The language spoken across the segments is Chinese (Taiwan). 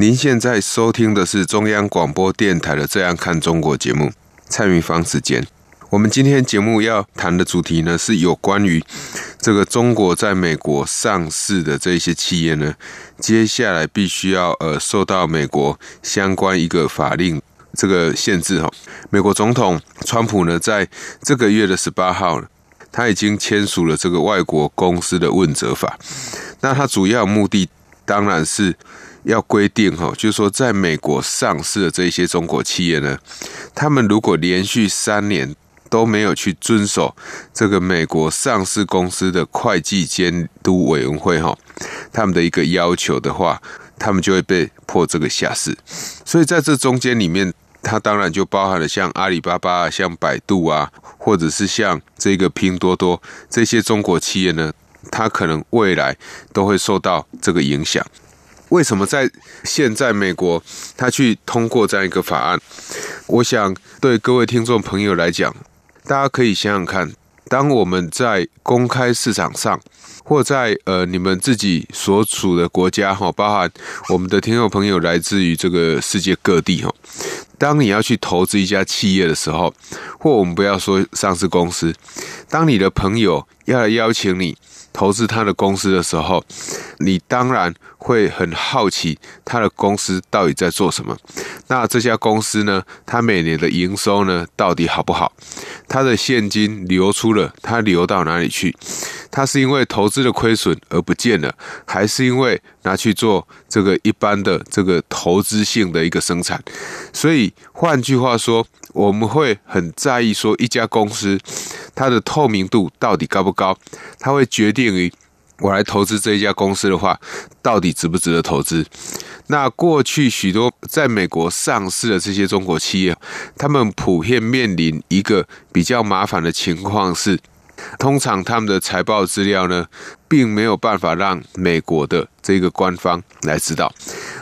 您現在收聽的是中央廣播電台的《這樣看中國》節目，蔡明芳時間。我們今天節目要談的主題呢，是有關於這個中國在美國上市的這些企業呢，接下來必須要呃受到美國相關一個法令這個限制哈、哦。美國總統川普呢，在這個月的十八號，他已經簽署了這個外國公司的問責法。那他主要的目的當然是。要規定哈，就是說，在美國上市的這些中國企業呢，他們如果連續三年都沒有去遵守這個美國上市公司的會計監督委員會哈，他們的一個要求的話，他們就會被迫這個下市。所以在這中間裡面，它當然就包含了像阿里巴巴啊，像百度啊，或者是像這個拼多多，這些中國企業呢，它可能未來都會受到這個影響。為什麼在現在美國，他去通過這樣一個法案？我想對各位聽眾朋友來講，大家可以想想看，當我們在公開市場上，或在呃你們自己所處的國家哈，包含我們的聽眾朋友來自於這個世界各地哈，當你要去投資一家企業的時候，或我們不要說上市公司，當你的朋友要來邀請你。投資他的公司的時候，你當然會很好奇他的公司到底在做什麼。那這家公司呢？它每年的營收呢，到底好不好？它的現金流出了，它流到哪裡去？它是因為投資的虧損而不見了，還是因為拿去做這個一般的這個投資性的一個生產？所以換句話說，我們會很在意說，一家公司它的透明度到底高不高。它會決定於我來投資這一家公司的話，到底值不值得投資。那過去許多在美國上市的這些中國企業，他們普遍面臨一個比較麻煩的情況是。通常他們的財報資料呢，並沒有辦法讓美國的這個官方來知道。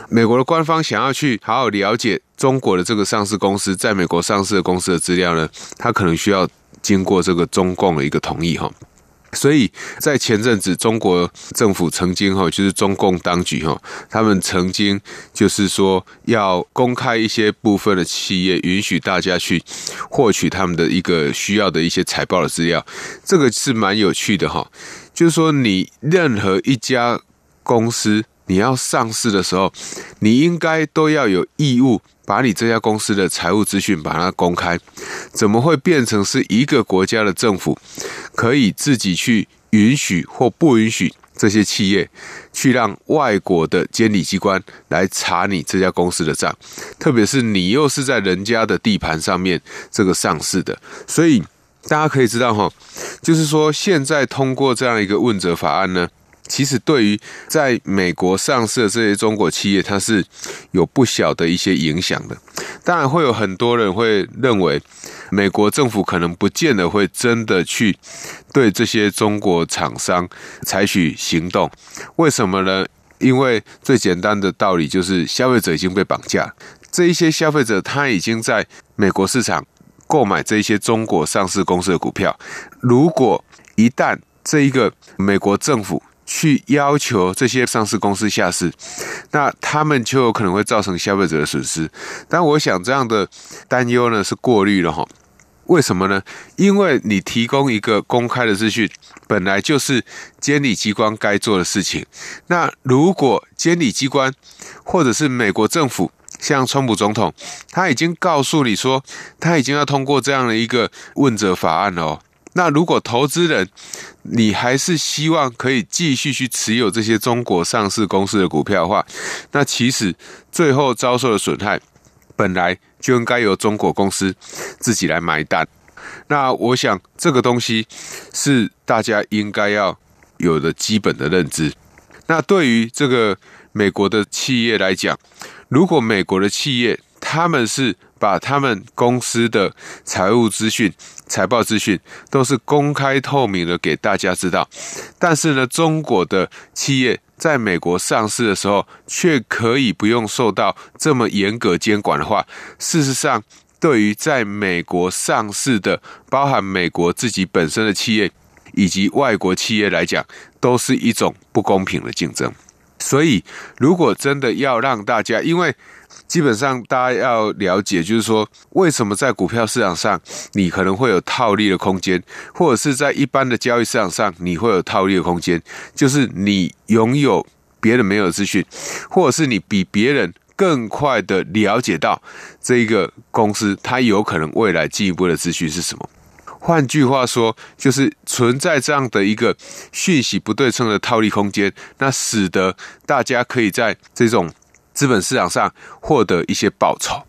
美國的官方想要去好好了解中國的這個上市公司，在美國上市的公司的資料呢，他可能需要經過這個中共的一個同意哈。所以在前陣子，中國政府曾經哈，就是中共當局哈，他們曾經就是說要公開一些部分的企業，允許大家去獲取他們的一個需要的一些財報的資料，這個是蠻有趣的哈，就是說，你任何一家公司。你要上市的時候，你應該都要有義務把你這家公司的財務資訊把它公開。怎麼會變成是一個國家的政府可以自己去允許或不允許這些企業去讓外國的監理機關來查你這家公司的賬？特別是你又是在人家的地盤上面這個上市的，所以大家可以知道吼，就是說現在通過這樣一個問責法案呢，其實，對於在美國上市的這些中國企業，它是有不小的一些影響的。當然，會有很多人會認為，美國政府可能不見得會真的去對這些中國廠商採取行動。為什麼呢？因為最簡單的道理就是，消費者已經被綁架。這一些消費者他已經在美國市場購買這些中國上市公司的股票。如果一旦這一個美國政府去要求這些上市公司下市，那他們就有可能會造成消費者的損失。但我想這樣的擔憂呢是過慮了哈。為什麼呢？因為你提供一個公開的資訊，本來就是監理機關該做的事情。那如果監理機關或者是美國政府，像川普總統，他已經告訴你說，他已經要通過這樣的一個問責法案哦。那如果投資人你還是希望可以繼續去持有這些中國上市公司的股票的話，那其實最後遭受的損害本來就應該由中國公司自己來買單。那我想這個東西是大家應該要有的基本的認知。那對於這個美國的企業來講，如果美國的企業他們是。把他們公司的財務資訊、財報資訊都是公開透明的給大家知道，但是呢，中國的企業在美國上市的時候，卻可以不用受到這麼嚴格監管的話，事實上，對於在美國上市的，包含美國自己本身的企業以及外國企業來講，都是一種不公平的競爭。所以，如果真的要讓大家因為，基本上，大家要了解，就是說，為什麼在股票市場上，你可能會有套利的空間，或者是在一般的交易市場上，你會有套利的空間，就是你擁有別人沒有的資訊，或者是你比別人更快的了解到這一個公司，它有可能未來進一步的資訊是什麼。換句話說，就是存在這樣的一個訊息不對稱的套利空間，那使得大家可以在這種。資本市場上獲得一些報酬，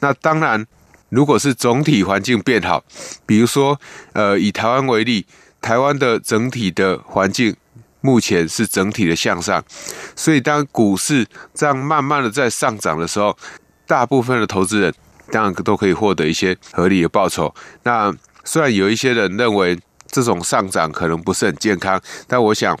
那當然，如果是總體環境變好，比如說，呃，以台灣為例，台灣的整體的環境目前是整體的向上，所以當股市這樣慢慢的在上漲的時候，大部分的投資人當然都可以獲得一些合理的報酬。那雖然有一些人認為這種上漲可能不是很健康，但我想。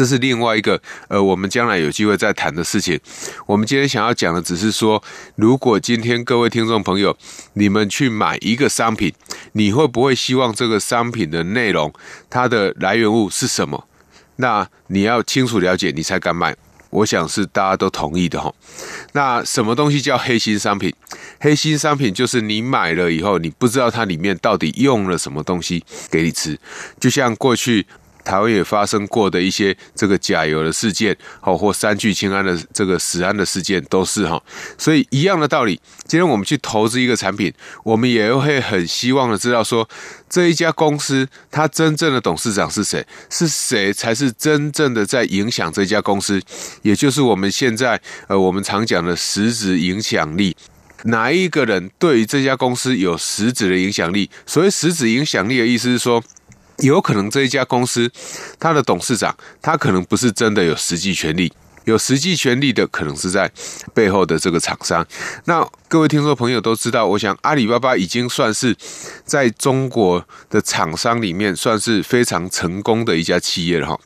這是另外一個，呃，我們將來有機會再談的事情。我們今天想要講的，只是說，如果今天各位聽眾朋友，你們去買一個商品，你會不會希望這個商品的內容，它的來源物是什麼？那你要清楚了解，你才敢買。我想是大家都同意的哈。那什麼東西叫黑心商品？黑心商品就是你買了以後，你不知道它裡面到底用了什麼東西給你吃，就像過去。台灣也發生過的一些這個假油的事件，哈，或三聚氰胺的這個食安的事件，都是哈。所以一樣的道理，今天我們去投資一個產品，我們也會很希望的知道說，這一家公司它真正的董事長是誰，是誰才是真正的在影響這家公司，也就是我們現在呃我們常講的實質影響力，哪一個人對於這家公司有實質的影響力？所謂實質影響力的意思是說，有可能這一家公司，它的董事長他可能不是真的有實際權力，有實際權力的可能是在背後的這個廠商。那各位聽眾朋友都知道，我想阿里巴巴已經算是在中國的廠商裡面算是非常成功的一家企業了哈。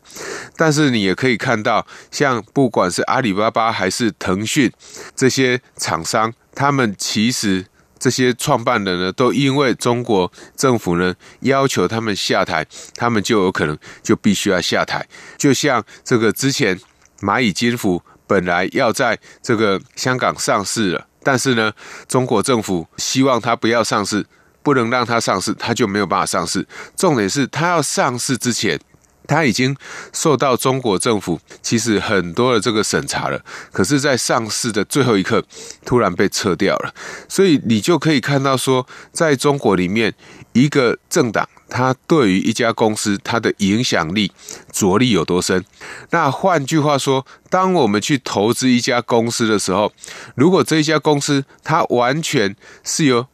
但是你也可以看到，像不管是阿里巴巴還是騰訊這些廠商，他們其實。這些創辦人呢，都因為中國政府呢，要求他們下台，他們就有可能就必須要下台。就像這個之前螞蟻金服本來要在這個香港上市了，但是呢，中國政府希望它不要上市，不能讓它上市，它就沒有辦法上市。重點是它要上市之前。它已經受到中國政府其實很多的這個審查了，可是，在上市的最後一刻，突然被撤掉了。所以，你就可以看到說，在中國裡面，一個政黨它對於一家公司它的影響力、著力有多深。那換句話說，當我們去投資一家公司的時候，如果這一家公司它完全是由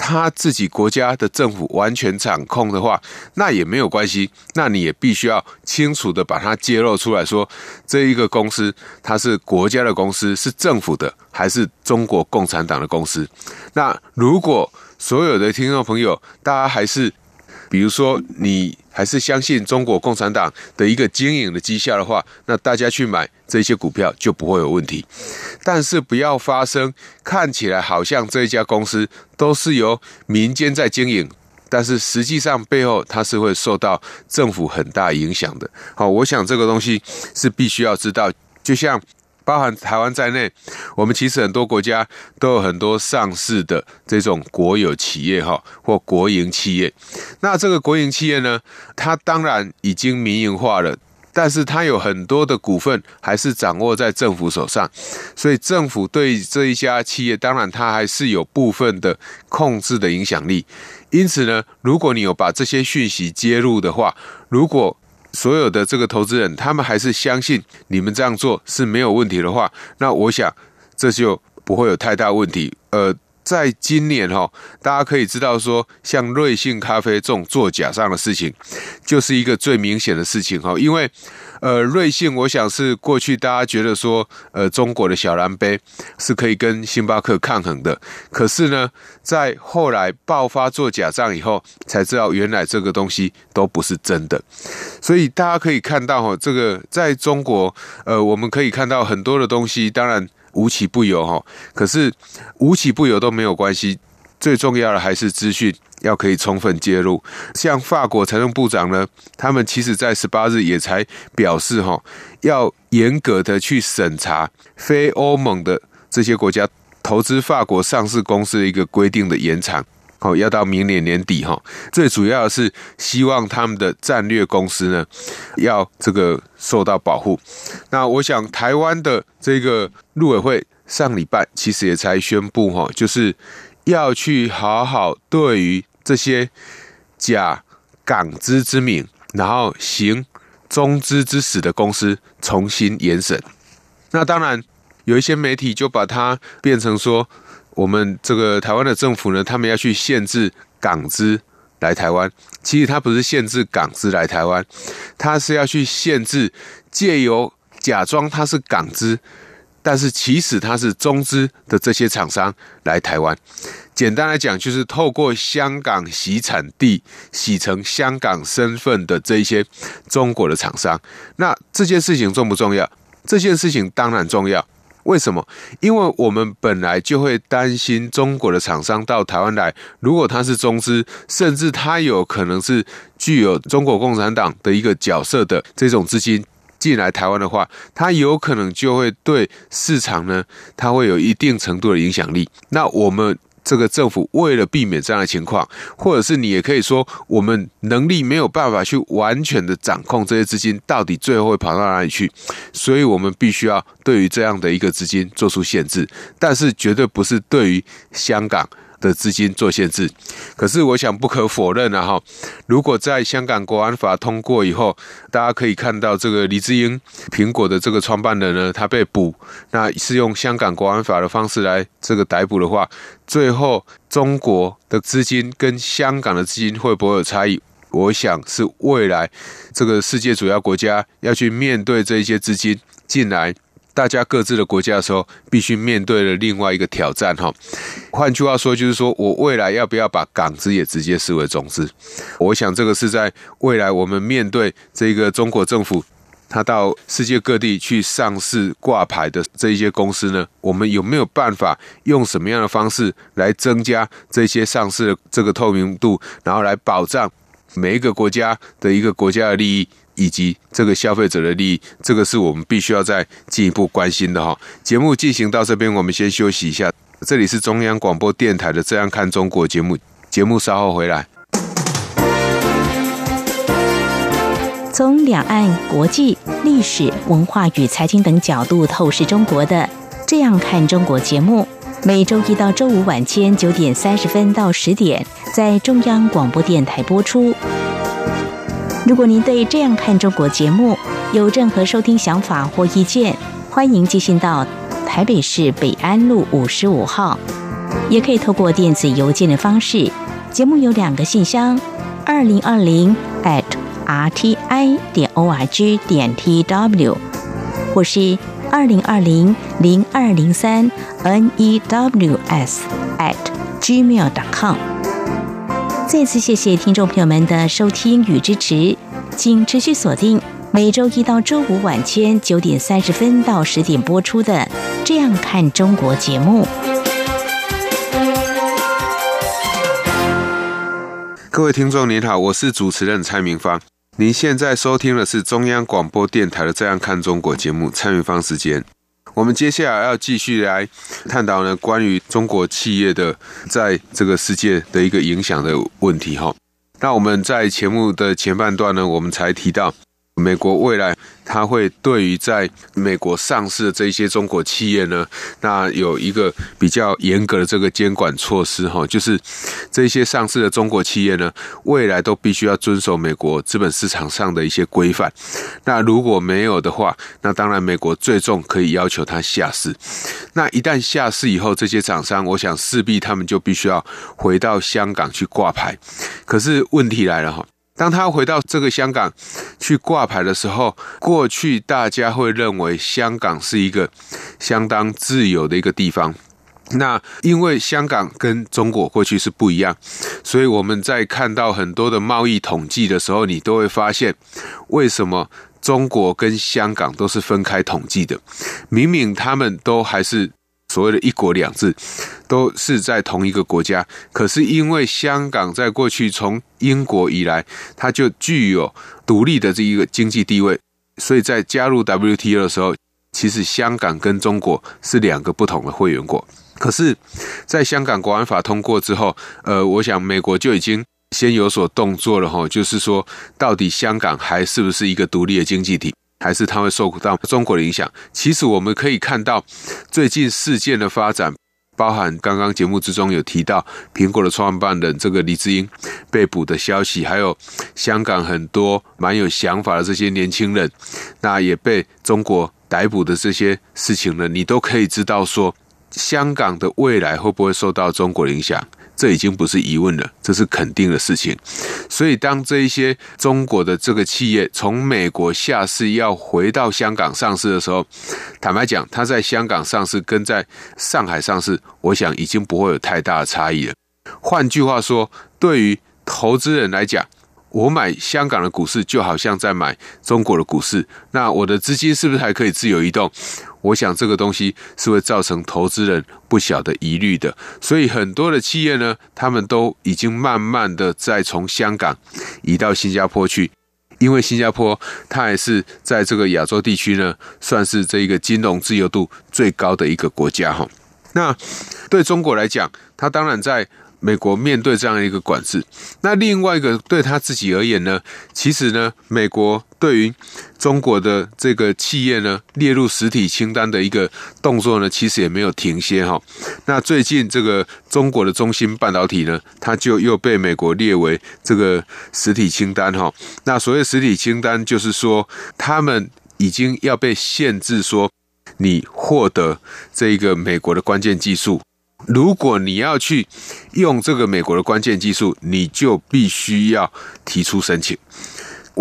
他自己國家的政府完全掌控的話，那也沒有關係。那你也必須要清楚的把它揭露出來說，說，這一個公司它是國家的公司，是政府的，還是中國共產黨的公司？那如果所有的聽眾朋友，大家還是。比如說，你還是相信中國共產黨的一個經營的績效的話，那大家去買這些股票就不會有問題。但是不要發生看起來好像這一家公司都是由民間在經營，但是實際上背後它是會受到政府很大影響的。好，我想這個東西是必須要知道，就像。包含台灣在內，我們其實很多國家都有很多上市的這種國有企業，哈，或國營企業。那這個國營企業呢，它當然已經民營化了，但是它有很多的股份還是掌握在政府手上，所以政府對這一家企業，當然它還是有部分的控制的影響力。因此呢，如果你有把這些訊息接入的話，如果所有的這個投資人，他們還是相信你們這樣做是沒有問題的話，那我想這就不會有太大問題。呃。在今年哈，大家可以知道說，像瑞幸咖啡這種做假賬的事情，就是一個最明顯的事情哈。因為，呃，瑞幸我想是過去大家覺得說，呃，中國的小藍杯是可以跟星巴克抗衡的。可是呢，在後來爆發做假賬以後，才知道原來這個東西都不是真的。所以大家可以看到哈，這個在中國，呃，我們可以看到很多的東西，當然。無奇不有哈，可是無奇不有都沒有關係，最重要的還是資訊要可以充分揭露。像法國財政部長呢，他們其實在十八日也才表示哈，要嚴格的去審查非歐盟的這些國家投資法國上市公司的一個規定的延長。哦，要到明年年底哈，最主要的是希望他們的戰略公司呢，要這個受到保護。那我想，台灣的這個陸委會上禮拜其實也才宣布哈，就是要去好好對於這些假港資之名，然後行中資之實的公司重新嚴審。那當然，有一些媒體就把它變成說。我們這個台灣的政府呢，他們要去限制港資來台灣。其實它不是限制港資來台灣，它是要去限制借由假裝它是港資，但是其實它是中資的這些廠商來台灣。簡單來講，就是透過香港洗產地、洗成香港身份的這一些中國的廠商。那這件事情重不重要？這件事情當然重要。為什麼？因為我們本來就會擔心中國的廠商到台灣來，如果他是中資，甚至他有可能是具有中國共產黨的一個角色的這種資金進來台灣的話，他有可能就會對市場呢，它會有一定程度的影響力。那我們。這個政府為了避免這樣的情況，或者是你也可以說，我們能力沒有辦法去完全的掌控這些資金到底最後會跑到哪裡去，所以我們必須要對於這樣的一個資金做出限制，但是絕對不是對於香港的資金做限制，可是我想不可否認啊哈！如果在香港國安法通過以後，大家可以看到這個黎智英，蘋果的這個創辦人呢，他被捕，那是用香港國安法的方式來這個逮捕的話，最後中國的資金跟香港的資金會不會有差異？我想是未來這個世界主要國家要去面對這一些資金進來大家各自的國家的時候，必須面對的另外一個挑戰哈。換句話說，就是說我未來要不要把港資也直接視為中資？我想這個是在未來我們面對這個中國政府，他到世界各地去上市掛牌的這一些公司呢，我們有沒有辦法用什麼樣的方式來增加這些上市的這個透明度，然後來保障每一個國家的一個國家的利益？以及這個消費者的利益，這個是我們必須要再進一步關心的哈。節目進行到這邊，我們先休息一下。這裡是中央廣播電台的《這樣看中國》節目，節目稍後回來。從兩岸國際、歷史文化與財經等角度透視中國的《這樣看中國》節目，每周一到周五晚間九點三十分到十點，在中央廣播電台播出。如果您對這樣看中國節目有任何收聽想法或意見，歡迎寄信到台北市北安路五十五號，也可以透過電子郵件的方式。節目有兩個信箱：二零二零 at r t i 點 o r g 點 t w，或是二零二零零二零三 n e w s at gmail dot com。再次謝謝聽眾朋友們的收聽與支持。請持續鎖定每周一到周五晚間九點三十分到十點播出的《這樣看中國》節目。各位聽眾您好，我是主持人蔡明芳。您現在收聽的是中央廣播電臺的《這樣看中國》節目，蔡明芳時間。我們接下來要繼續來探討呢，關於中國企業的在這個世界的一個影響的問題哈。那我們在節目的前半段呢，我們才提到。美國未來，它會對於在美國上市的這些中國企業呢，那有一個比較嚴格的這個監管措施哈，就是這些上市的中國企業呢，未來都必須要遵守美國資本市場上的一些規範。那如果沒有的話，那當然美國最終可以要求它下市。那一旦下市以後，這些廠商，我想勢必他們就必須要回到香港去掛牌。可是問題來了哈。當他回到這個香港去掛牌的時候，過去大家會認為香港是一個相當自由的一個地方。那因為香港跟中國過去是不一樣，所以我們在看到很多的貿易統計的時候，你都會發現為什麼中國跟香港都是分開統計的。明明他們都還是。所謂的一國兩制，都是在同一個國家。可是因為香港在過去從英國以來，它就具有獨立的這一個經濟地位，所以在加入 WTO 的時候，其實香港跟中國是兩個不同的會員國。可是，在香港國安法通過之後，呃，我想美國就已經先有所動作了哈，就是說，到底香港還是不是一個獨立的經濟體？還是他會受到中國的影響？其實我們可以看到，最近事件的發展，包含剛剛節目之中有提到蘋果的創辦人這個黎智英被捕的消息，還有香港很多蠻有想法的這些年輕人，那也被中國逮捕的這些事情呢，你都可以知道說，香港的未來會不會受到中國的影響？這已經不是疑問了，這是肯定的事情。所以當這一些中國的這個企業從美國下市要回到香港上市的時候，坦白講，它在香港上市跟在上海上市，我想已經不會有太大的差異了。換句話說，對於投資人來講，我買香港的股市就好像在買中國的股市，那我的資金是不是還可以自由移動？我想這個東西是會造成投資人不小的疑慮的，所以很多的企業呢，他們都已經慢慢的在從香港移到新加坡去，因為新加坡它也是在這個亞洲地區呢，算是這一個金融自由度最高的一個國家哈。那對中國來講，它當然在美國面對這樣一個管制，那另外一個對他自己而言呢，其實呢，美國對於中國的這個企業呢，列入實體清單的一個動作呢，其實也沒有停歇哈。那最近這個中國的中芯半導體呢，它就又被美國列為這個實體清單哈。那所謂實體清單，就是說他們已經要被限制，說你獲得這個美國的關鍵技術，如果你要去用這個美國的關鍵技術，你就必須要提出申請。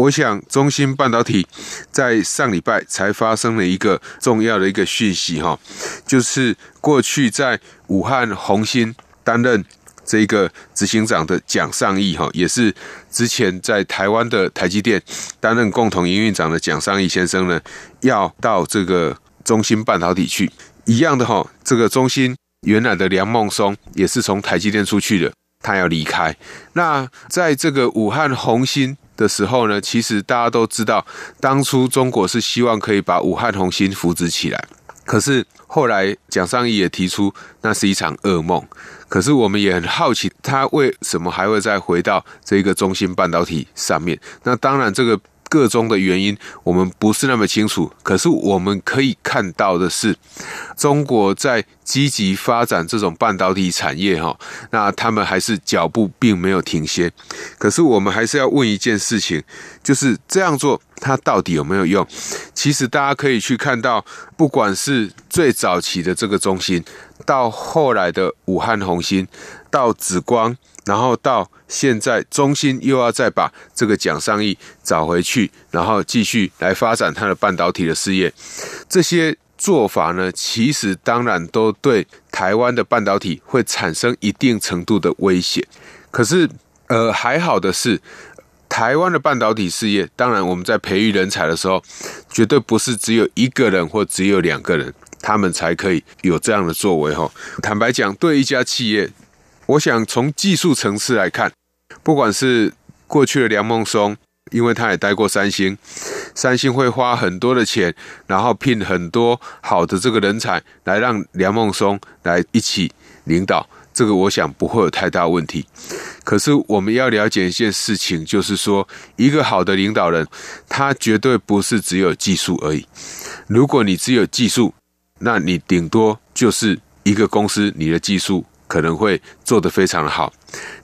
我想，中芯半導體在上禮拜才發生了一個重要的一個訊息，哈，就是過去在武漢宏芯擔任這個執行長的蔣尚義，哈，也是之前在台灣的台積電擔任共同營運長的蔣尚義先生呢，要到這個中芯半導體去一樣的，哈，這個中芯原來的梁孟松，也是從台積電出去的，他要離開。那在這個武漢宏芯的時候呢，其實大家都知道，當初中國是希望可以把武漢弘芯扶植起來，可是後來蔣尚義也提出那是一場噩夢，可是我們也很好奇他為什麼還會再回到這個中芯半導體上面？那當然這個。個中的原因，我們不是那麼清楚。可是我們可以看到的是，中國在積極發展這種半導體產業，哈。那他們還是腳步並沒有停歇。可是我們還是要問一件事情，就是這樣做它到底有沒有用？其實大家可以去看到，不管是最早期的這個中芯，到後來的武漢弘芯、到紫光，然後到。現在中芯又要再把這個蔣尚義找回去，然後繼續來發展它的半導體的事業。這些做法呢，其實當然都對台灣的半導體會產生一定程度的威脅。可是，呃，還好的是，台灣的半導體事業，當然我們在培育人才的時候，絕對不是只有一個人或只有兩個人，他們才可以有這樣的作為。吼，坦白講，對一家企業，我想從技術層次來看。不管是過去的梁孟松，因為他也待過三星，三星會花很多的錢，然後聘很多好的這個人才來讓梁孟松來一起領導，這個我想不會有太大問題。可是我們要了解一件事情，就是說一個好的領導人，他絕對不是只有技術而已。如果你只有技術，那你頂多就是一個公司你的技術。可能會做得非常的好。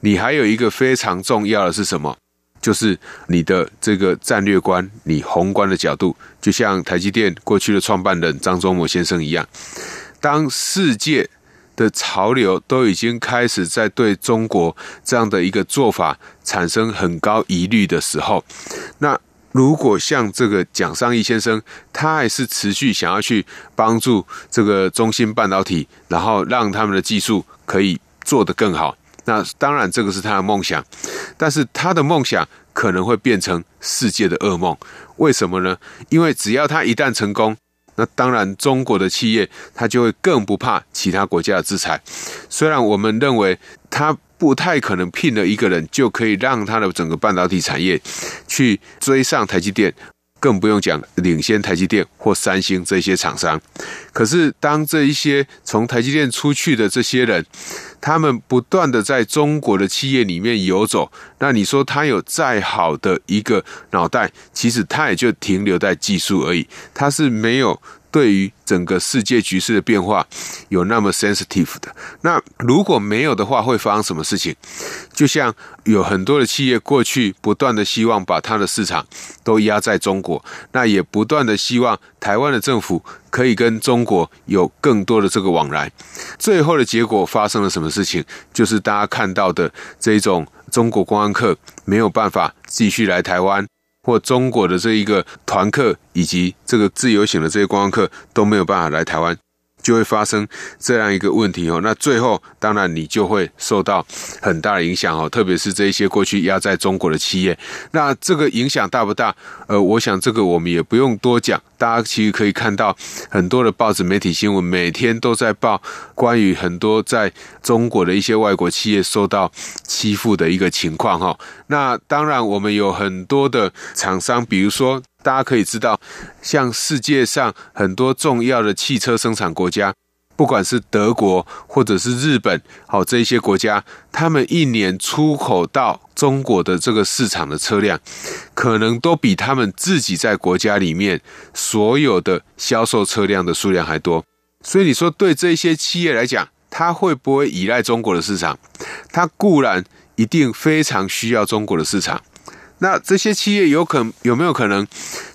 你還有一個非常重要的是什麼？就是你的這個戰略觀，你宏觀的角度，就像台積電過去的創辦人張忠謀先生一樣，當世界的潮流都已經開始在對中國這樣的一個做法產生很高疑慮的時候，那如果像這個蔣尚義先生，他還是持續想要去幫助這個中芯半導體，然後讓他們的技術，可以做得更好，那當然這個是他的夢想，但是他的夢想可能會變成世界的噩夢。為什麼呢？因為只要他一旦成功，那當然中國的企業他就會更不怕其他國家的制裁。雖然我們認為他不太可能聘了一個人就可以讓他的整個半導體產業去追上台積電。更不用講領先台積電或三星這些廠商。可是，當這一些從台積電出去的這些人，他們不斷的在中國的企業裡面游走，那你說他有再好的一個腦袋，其實他也就停留在技術而已，他是沒有。對於整個世界局勢的變化有那麼 sensitive 的，那如果沒有的話，會發生什麼事情？就像有很多的企業過去不斷的希望把它的市場都壓在中國，那也不斷的希望台灣的政府可以跟中國有更多的這個往來。最後的結果發生了什麼事情？就是大家看到的這種中國觀光客沒有辦法繼續來台灣，或中國的這一個團客，以及這個自由行的這些觀光客，都沒有辦法來台灣。就會發生這樣一個問題哦，那最後當然你就會受到很大的影響哦，特別是這一些過去壓在中國的企業。那這個影響大不大？呃，我想這個我們也不用多講，大家其實可以看到很多的報紙、媒體新聞每天都在報關於很多在中國的一些外國企業受到欺負的一個情況哈。那當然我們有很多的廠商，比如說。大家可以知道，像世界上很多重要的汽車生產國家，不管是德國或者是日本，好，這些國家，他們一年出口到中國的這個市場的車輛，可能都比他們自己在國家裡面所有的銷售車輛的數量還多。所以你說，對這些企業來講，它會不會依賴中國的市場？它固然一定非常需要中國的市場。那這些企業有可有沒有可能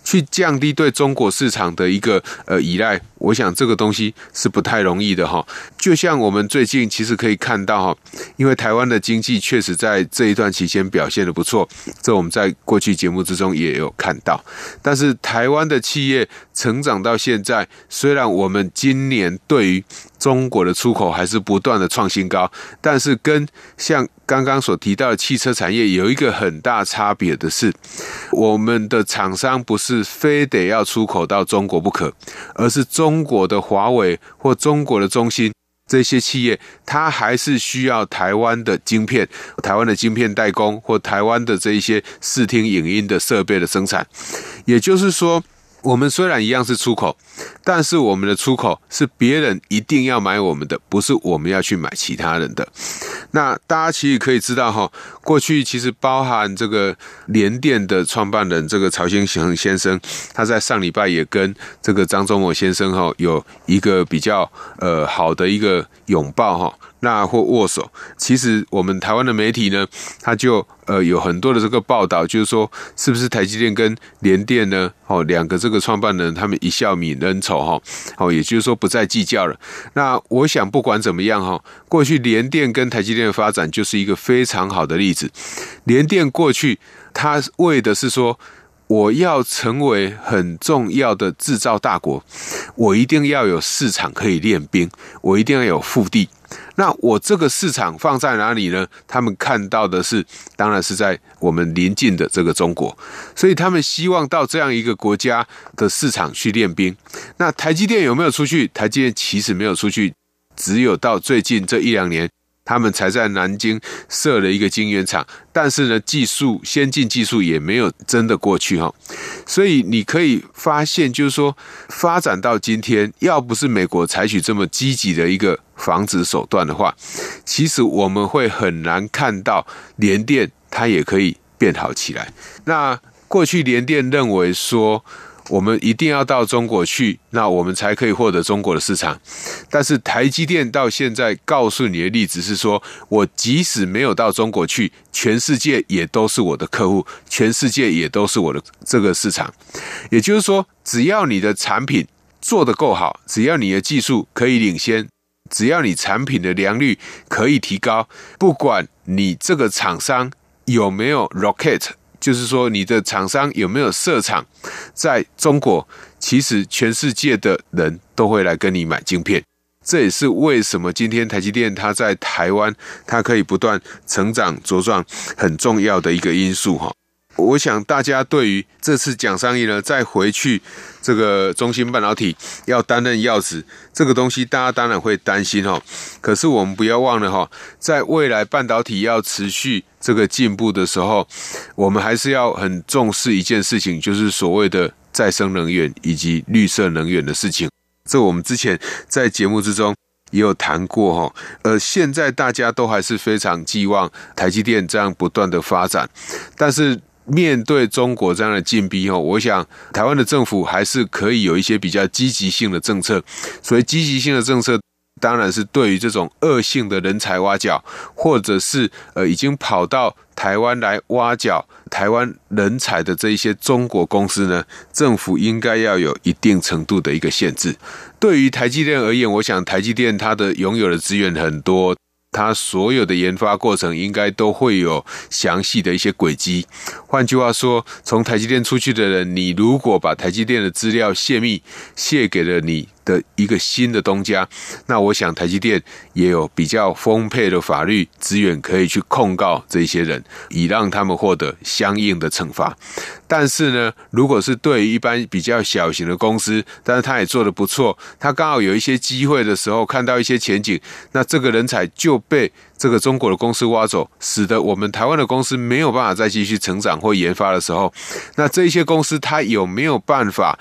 去降低對中國市場的一個呃依賴？我想這個東西是不太容易的哈。就像我們最近其實可以看到哈，因為台灣的經濟確實在這一段期間表現得不錯，這我們在過去節目之中也有看到。但是台灣的企業成長到現在，雖然我們今年對於中國的出口還是不斷的創新高，但是跟像剛剛所提到的汽車產業有一個很大差別的是，我們的廠商不是非得要出口到中國不可，而是中國的華為或中國的中興這些企業，它還是需要台灣的晶片、台灣的晶片代工或台灣的這一些視聽影音的設備的生產，也就是說。我們雖然一樣是出口，但是我們的出口是別人一定要買我們的，不是我們要去買其他人的。那大家其實可以知道哈，過去其實包含這個聯電的創辦人這個曹興誠先生，他在上禮拜也跟這個張忠謀先生哈有一個比較呃好的一個擁抱哈。那或握手，其實我們台灣的媒體呢，他就呃有很多的這個報道，就是說是不是台積電跟聯電呢？哦，兩個這個創辦人他們一笑泯恩仇哈，哦，也就是說不再計較了。那我想不管怎麼樣哈，哦，過去聯電跟台積電的發展就是一個非常好的例子。聯電過去它為的是說，我要成為很重要的制造大國，我一定要有市場可以練兵，我一定要有腹地。那我這個市場放在哪裡呢？他們看到的是，當然是在我們鄰近的這個中國，所以他們希望到這樣一個國家的市場去練兵。那台積電有沒有出去？台積電其實沒有出去，只有到最近這一兩年。他們才在南京設了一個晶圓廠，但是呢，技術先進技術也沒有真的過去哈，所以你可以發現，就是說發展到今天，要不是美國採取這麼積極的一個防止手段的話，其實我們會很難看到聯電它也可以變好起來。那過去聯電認為說，我們一定要到中國去，那我們才可以獲得中國的市場。但是台積電到現在告訴你的例子是說，我即使沒有到中國去，全世界也都是我的客戶，全世界也都是我的這個市場。也就是說，只要你的產品做得夠好，只要你的技術可以領先，只要你產品的良率可以提高，不管你這個廠商有沒有 Rocket。就是說，你的廠商有沒有設廠在中國？其實全世界的人都會來跟你買晶片，這也是為什麼今天台積電它在台灣它可以不斷成長茁壯，很重要的一個因素哈。我想大家對於這次蔣尚義呢再回去這個中芯半導體要擔任要職這個東西，大家當然會擔心哦。可是我們不要忘了哈、哦，在未來半導體要持續這個進步的時候，我們還是要很重視一件事情，就是所謂的再生能源以及綠色能源的事情。這我們之前在節目之中也有談過哈、哦。呃，現在大家都還是非常寄望台積電這樣不斷的發展，但是。面對中國這樣的進逼哦，我想台灣的政府還是可以有一些比較積極性的政策。所以積極性的政策，當然是對於這種惡性的人才挖角，或者是呃已經跑到台灣來挖角台灣人才的這一些中國公司呢，政府應該要有一定程度的一個限制。對於台積電而言，我想台積電它的擁有的資源很多。他所有的研發過程應該都會有詳細的一些軌跡。換句話說，從台積電出去的人，你如果把台積電的資料洩密，洩給了你的一個新的東家，那我想台積電也有比較豐沛的法律資源可以去控告這些人，以讓他們獲得相應的懲罰。但是呢，如果是對於一般比較小型的公司，但是他也做得不錯，他剛好有一些機會的時候，看到一些前景，那這個人才就被這個中國的公司挖走，使得我們台灣的公司沒有辦法再繼續成長或研發的時候，那這些公司他有沒有辦法？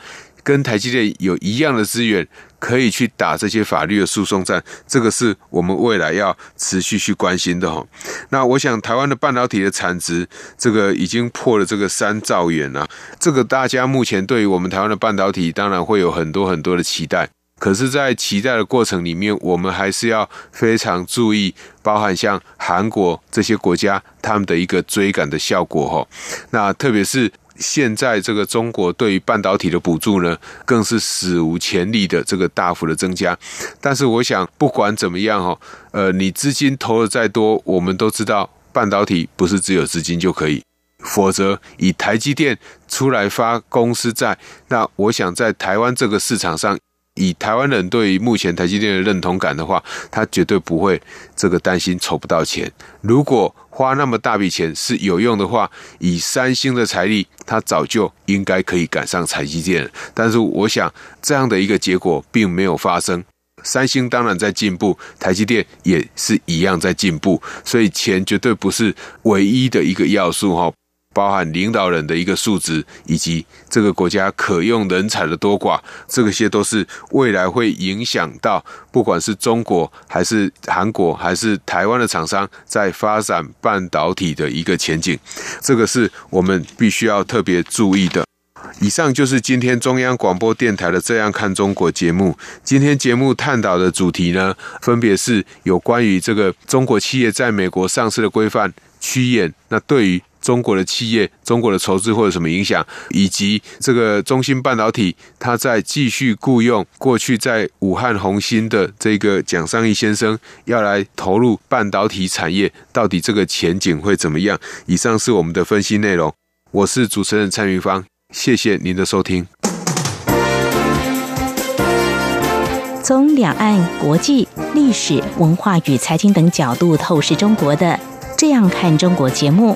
跟台積電有一樣的資源，可以去打這些法律的訴訟戰，這個是我們未來要持續去關心的哈。那我想，台灣的半導體的產值，這個已經破了這個三兆元了啊。這個大家目前對於我們台灣的半導體，當然會有很多很多的期待。可是，在期待的過程裡面，我們還是要非常注意，包含像韓國這些國家，他們的一個追趕的效果哈。那特別是。現在這個中國對於半導體的補助呢，更是史無前例的這個大幅的增加。但是我想，不管怎麼樣哈、哦，呃，你資金投的再多，我們都知道半導體不是只有資金就可以，否則以台積電出來發公司債，那我想在台灣這個市場上。以台灣人對於目前台積電的認同感的話，他絕對不會這個擔心籌不到錢。如果花那麼大筆錢是有用的話，以三星的財力，他早就應該可以趕上台積電了。但是我想這樣的一個結果並沒有發生。三星當然在進步，台積電也是一樣在進步，所以錢絕對不是唯一的一個要素哈。包含領導人的一個素質，以及這個國家可用人才的多寡，這個些都是未來會影響到，不管是中國還是韓國還是台灣的廠商，在發展半導體的一個前景。這個是我們必須要特別注意的。以上就是今天中央廣播電台的《這樣看中國》節目。今天節目探討的主題呢，分別是有關於這個中國企業在美國上市的規範趨嚴。那對於中國的企業、中國的投資會有什麼影響？以及這個中芯半導體，它在繼續僱傭過去在武漢宏芯的這個蔣尚義先生，要來投入半導體產業，到底這個前景會怎麼樣？以上是我們的分析內容。我是主持人蔡明芳，謝謝您的收聽。從兩岸國際、歷史、文化與財經等角度透視中國的，這樣看中國節目。